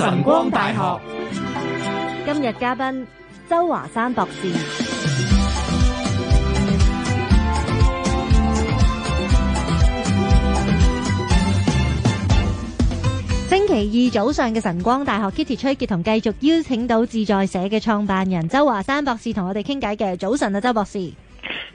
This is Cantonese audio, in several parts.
晨光大學今日嘉賓周華山博士。星期二早上嘅晨光大學，Kitty 崔杰同繼續邀請到自在社嘅創辦人周華山博士同我哋傾偈嘅。早晨啊，周博士。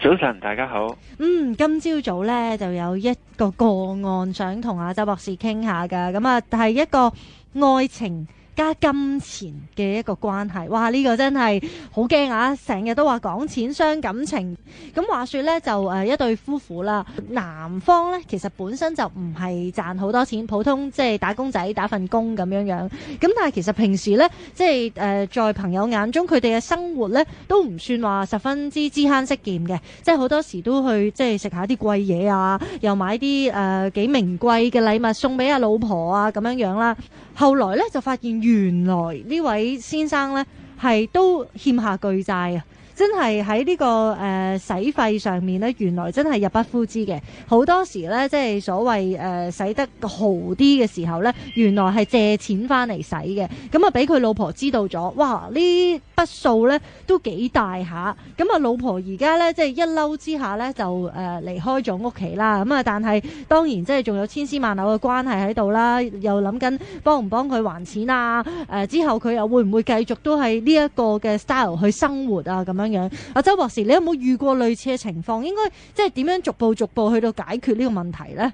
早晨，大家好。嗯，今朝早咧就有一個個案想同阿周博士傾下噶，咁啊係一個。愛情。加金錢嘅一個關係，哇！呢、這個真係好驚啊！成日都話講錢傷感情。咁話說呢，就誒、呃、一對夫婦啦。男方呢，其實本身就唔係賺好多錢，普通即係打工仔打份工咁樣樣。咁但係其實平時呢，即係誒、呃、在朋友眼中，佢哋嘅生活呢都唔算話十分之知慳識儉嘅，即係好多時都去即係食下啲貴嘢啊，又買啲誒幾名貴嘅禮物送俾阿老婆啊咁樣樣啦。後來呢，就發現。原來呢位先生呢，係都欠下巨債啊！真係喺呢個誒、呃、使費上面咧，原來真係入不敷支嘅。好多時咧，即係所謂誒使得豪啲嘅時候咧，原來係借錢翻嚟使嘅。咁啊，俾佢老婆知道咗，哇！筆數，呢筆數咧都幾大下。咁啊，老婆而家咧即係一嬲之下咧就誒離、呃、開咗屋企啦。咁啊，但係當然即係仲有千絲萬縷嘅關係喺度啦。又諗緊幫唔幫佢還錢啊？誒、呃，之後佢又會唔會繼續都係呢一個嘅 style 去生活啊？咁樣。阿、啊、周博士，你有冇遇過類似嘅情況？應該即係點樣逐步逐步去到解決呢個問題呢？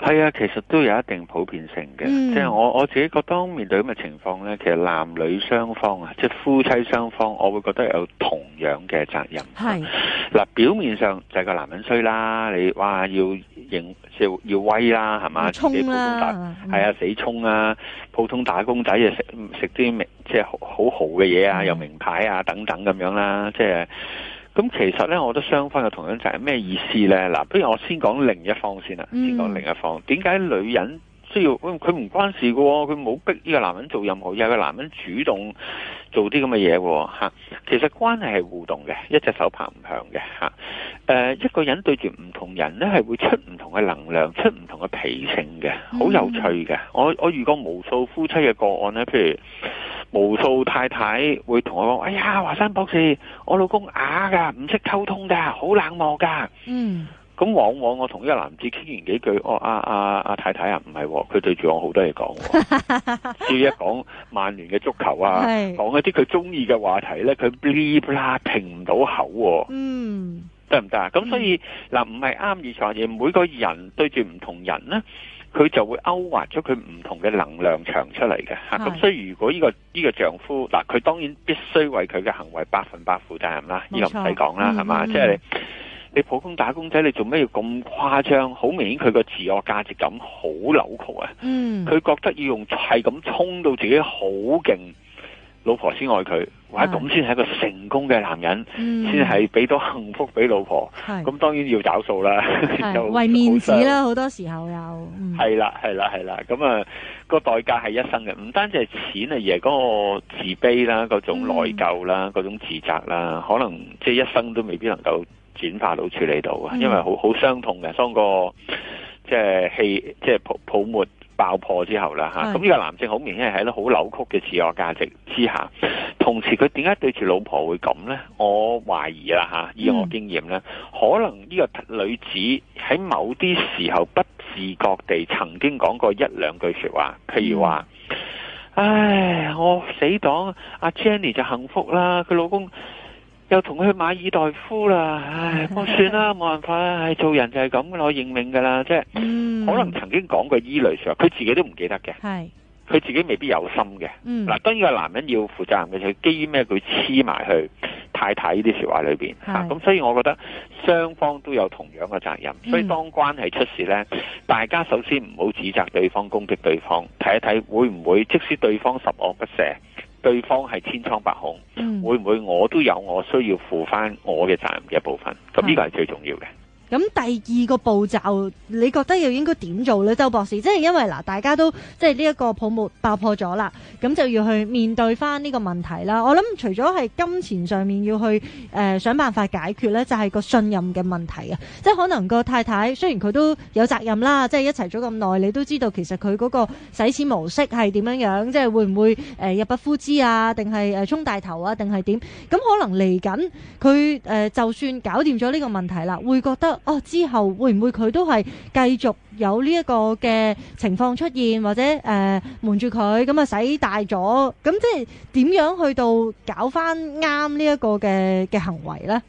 係啊，其實都有一定普遍性嘅。即、嗯、係、就是、我我自己覺得，面對咁嘅情況呢，其實男女雙方啊，即係夫妻雙方，我會覺得有同樣嘅責任。係嗱、啊，表面上就係個男人衰啦，你話要認要要威啦，係嘛？衝啦，係、嗯、啊，死衝啊！普通打工仔啊，食食啲即係好好豪嘅嘢啊，有名牌啊，等等咁樣啦、啊。Mm. 即係咁，其實咧，我覺得雙方嘅同樣就係咩意思咧？嗱，不如我先講另一方先啦。Mm. 先講另一方，點解女人需要？佢唔關事喎、哦，佢冇逼呢個男人做任何嘢，又個男人主動做啲咁嘅嘢喎？吓，其實關係係互動嘅，一隻手拍唔響嘅。吓，誒，一個人對住唔同人咧，係會出唔同嘅能量，出唔同嘅脾性嘅，好有趣嘅。Mm. 我我遇過無數夫妻嘅個案咧，譬如。無數太太會同我講：哎呀，華山博士，我老公啞噶，唔識溝通噶，好冷漠噶。嗯，咁往往我同呢個男子傾完幾句，哦、啊，啊，阿、啊、阿、啊、太太啊，唔係、哦，佢對住我好多嘢講、哦，至 要一講曼聯嘅足球啊，講一啲佢中意嘅話題咧，佢噼啦停唔到口、哦。嗯，得唔得？咁所以嗱，唔係啱而常言，每個人對住唔同人咧。佢就會勾畫咗佢唔同嘅能量場出嚟嘅嚇，咁所以如果呢個呢個丈夫嗱，佢當然必須為佢嘅行為百分百負責任啦，呢個唔使講啦，係嘛？即係，嗯，你，你普通打工仔，你做咩要咁誇張？好明顯佢個自我價值感好扭曲啊！嗯，佢覺得要用係咁衝到自己好勁，老婆先愛佢。者，咁先係一個成功嘅男人，先係俾到幸福俾老婆。咁當然要找數啦，為面子啦，好多時候又係啦，係、嗯、啦，係啦。咁啊，個代價係一生嘅，唔單止係錢啊，而係嗰個自卑啦、嗰種內疚啦、嗰、嗯、種自責啦，可能即係、就是、一生都未必能夠轉化到處理到啊、嗯。因為好好傷痛嘅，當個即係氣，即係泡泡沫。爆破之後啦嚇，咁呢個男性好明顯係喺好扭曲嘅自我價值之下，同時佢點解對住老婆會咁呢？我懷疑啦嚇，以我經驗咧、嗯，可能呢個女子喺某啲時候不自覺地曾經講過一兩句説話，譬如話、嗯，唉，我死黨阿 Jenny 就幸福啦，佢老公。又同佢去馬爾代夫啦，唉，我 算啦，冇辦法啦，做人就係咁啦，我認命噶啦，即係、嗯、可能曾經講過依類說話，佢自己都唔記得嘅，佢自己未必有心嘅。嗱、嗯，當然個男人要負責任嘅，佢基於咩佢黐埋去太太呢啲說話裏邊啊，咁所以我覺得雙方都有同樣嘅責任，所以當關係出事呢、嗯，大家首先唔好指責對方，攻擊對方，睇一睇會唔會，即使對方十惡不赦。對方係千瘡百孔、嗯，會唔會我都有我需要負翻我嘅責任嘅一部分？咁呢個係最重要嘅。嗯咁第二個步驟你覺得又應該點做呢，周博士？即係因為嗱，大家都即係呢一個泡沫爆破咗啦，咁就要去面對翻呢個問題啦。我諗除咗係金錢上面要去誒、呃、想辦法解決呢，就係、是、個信任嘅問題啊！即係可能個太太雖然佢都有責任啦，即係一齊咗咁耐，你都知道其實佢嗰個使錢模式係點樣樣，即係會唔會誒、呃、入不敷支啊？定係誒沖大頭啊？定係點，咁可能嚟緊佢誒就算搞掂咗呢個問題啦，會覺得。哦，之後會唔會佢都係繼續有呢一個嘅情況出現，或者誒、呃、瞞住佢咁啊，使大咗？咁即係點樣去到搞返啱呢一個嘅嘅行為呢？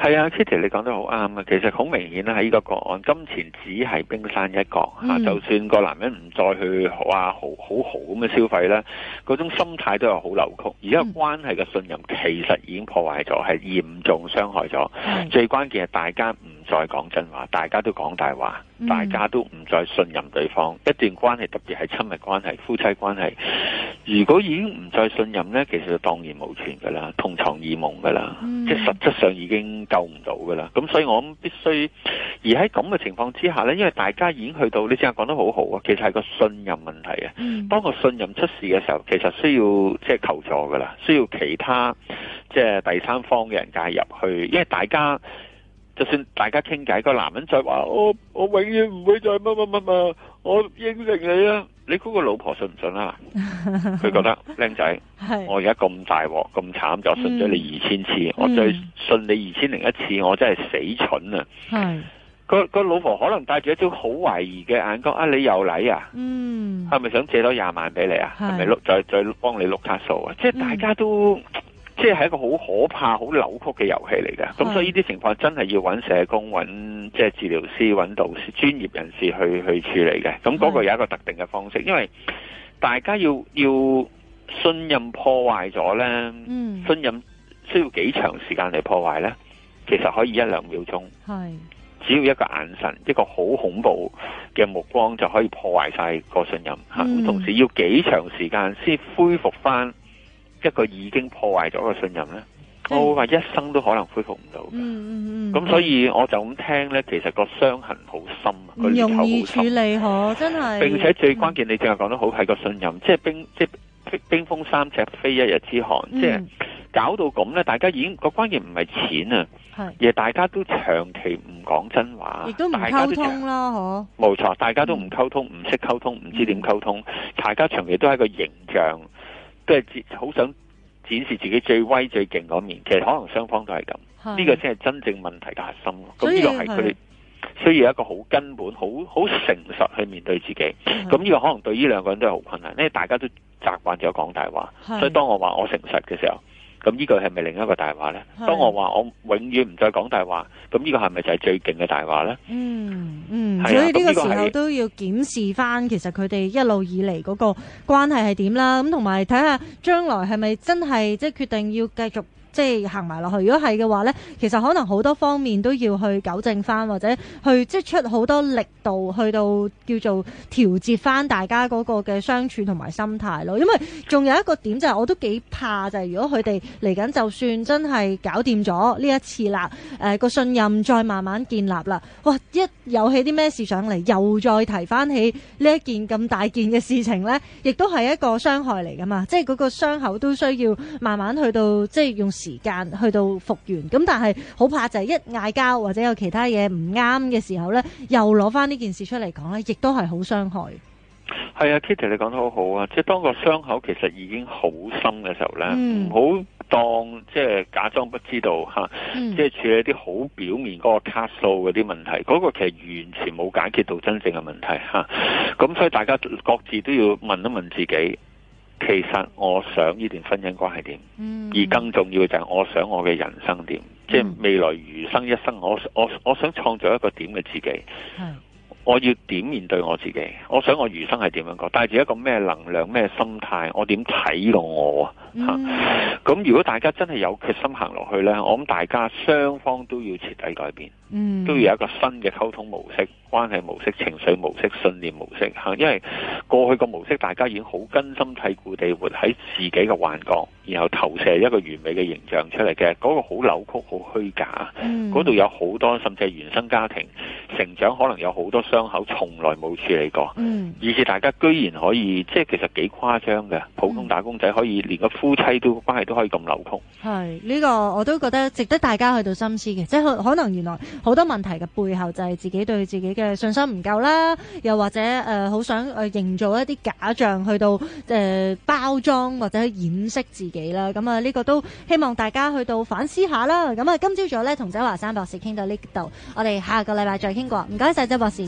係啊，Kitty，你講得好啱啊！其實好明顯啦，喺呢個個案，金錢只係冰山一角吓、嗯。就算個男人唔再去話好好好咁嘅消費咧，嗰種心態都係好扭曲，而家關係嘅信任其實已經破壞咗，係嚴重傷害咗、嗯。最關鍵係大家唔。再講真話，大家都講大話，大家都唔再信任對方。一段關係，特別係親密關係、夫妻關係，如果已經唔再信任呢，其實就蕩然無存噶啦，同床異夢噶啦，即係實質上已經救唔到噶啦。咁所以我諗必須而喺咁嘅情況之下呢，因為大家已經去到你先講得好好啊，其實係個信任問題啊、嗯。當個信任出事嘅時候，其實需要即係、就是、求助噶啦，需要其他即係、就是、第三方嘅人介入去，因為大家。就算大家傾偈，個男人再話我，我永遠唔會再乜乜乜嘛，我應承你啊！你估個老婆信唔信啊？佢 覺得靚 仔，我而家咁大鑊咁慘，就信咗你二千次，嗯、我再信你二千零一次，我真係死蠢啊！個個老婆可能帶住一張好懷疑嘅眼光，啊你又嚟啊？嗯，係咪想借多廿萬俾你啊？係咪碌再再幫你碌卡數啊？即係大家都。嗯即係一個好可怕、好扭曲嘅遊戲嚟嘅，咁所以呢啲情況真係要揾社工、揾即係治療師、揾導師、專業人士去去處理嘅。咁嗰個有一個特定嘅方式，因為大家要要信任破壞咗呢、嗯。信任需要幾長時間嚟破壞呢？其實可以一兩秒鐘，只要一個眼神、一個好恐怖嘅目光就可以破壞晒個信任吓、嗯、同時要幾長時間先恢復返？一個已經破壞咗個信任呢，我會話一生都可能恢復唔到嘅。咁、嗯嗯嗯、所以我就咁聽呢，其實個傷痕好深啊，個裂好深。處理好真係，並且最關鍵你淨係講得好，係個信任，嗯、即係冰，即係冰封三尺非一日之寒，嗯、即係搞到咁呢，大家已經個關鍵唔係錢啊，而大家都長期唔講真話，亦都唔溝通啦，冇錯，大家都唔溝、啊、通，唔識溝通，唔知點溝通、嗯，大家長期都係個形象。都係好想展示自己最威最勁嗰面，其實可能雙方都係咁，呢個先係真正問題嘅核心。所以呢個係佢哋需要一個好根本、好好誠實去面對自己。咁呢個可能對呢兩個人都係好困難，因為大家都習慣咗講大話，所以當我話我誠實嘅時候。咁呢個係咪另一個大話呢？當我話我永遠唔再講大話，咁呢個係咪就係最勁嘅大話呢？嗯嗯，所以呢個時候都要檢視翻，其實佢哋一路以嚟嗰個關係係點啦。咁同埋睇下將來係咪真係即係決定要繼續。即係行埋落去，如果係嘅話咧，其實可能好多方面都要去糾正翻，或者去即係出好多力度，去到叫做調節翻大家嗰個嘅相處同埋心態咯。因為仲有一個點就係，我都幾怕就係，如果佢哋嚟緊就算真係搞掂咗呢一次啦，誒個信任再慢慢建立啦，哇！一有起啲咩事上嚟，又再提翻起呢一件咁大件嘅事情咧，亦都係一個傷害嚟噶嘛。即係嗰個傷口都需要慢慢去到，即係用。時間去到復原，咁但係好怕就係一嗌交或者有其他嘢唔啱嘅時候呢，又攞翻呢件事出嚟講呢，亦都係好傷害。係啊，Kitty，你講得好好啊！即係當個傷口其實已經好深嘅時候呢，唔好當即係假裝不知道吓，即係處理啲好表面嗰個卡數嗰啲問題，嗰個其實完全冇解決到真正嘅問題吓。咁所以大家各自都要問一問自己。其實我想呢段婚姻關係點，而更重要嘅就係我想我嘅人生點？即、嗯、係、就是、未來餘生一生我，我我我想創造一個點嘅自己，我要點面對我自己，我想我餘生係點樣過，帶住一個咩能量、咩心態，我點睇到我啊咁、嗯、如果大家真係有決心行落去呢，我諗大家雙方都要徹底改變、嗯，都要有一個新嘅溝通模式、關係模式、情緒模式、信念模式吓，因為。過去個模式，大家已經好根深蒂固地活喺自己嘅幻覺，然後投射一個完美嘅形象出嚟嘅，嗰、嗰個好扭曲、好虛假。嗰、嗯、度有好多甚至係原生家庭成長，可能有好多傷口，從來冇處理過。嗯，而且大家居然可以，即係其實幾誇張嘅，普通打工仔可以、嗯、連個夫妻都關係都可以咁扭曲。係呢、呢個我都覺得值得大家去到深思嘅，即係可能原來好多問題嘅背後就係自己對自己嘅信心唔夠啦，又或者誒好、呃、想去、呃、認。做一啲假象去到誒包裝或者掩飾自己啦，咁啊呢個都希望大家去到反思下啦。咁啊今朝早咧同周華山博士傾到呢度，我哋下個禮拜再傾過。唔該曬周博士。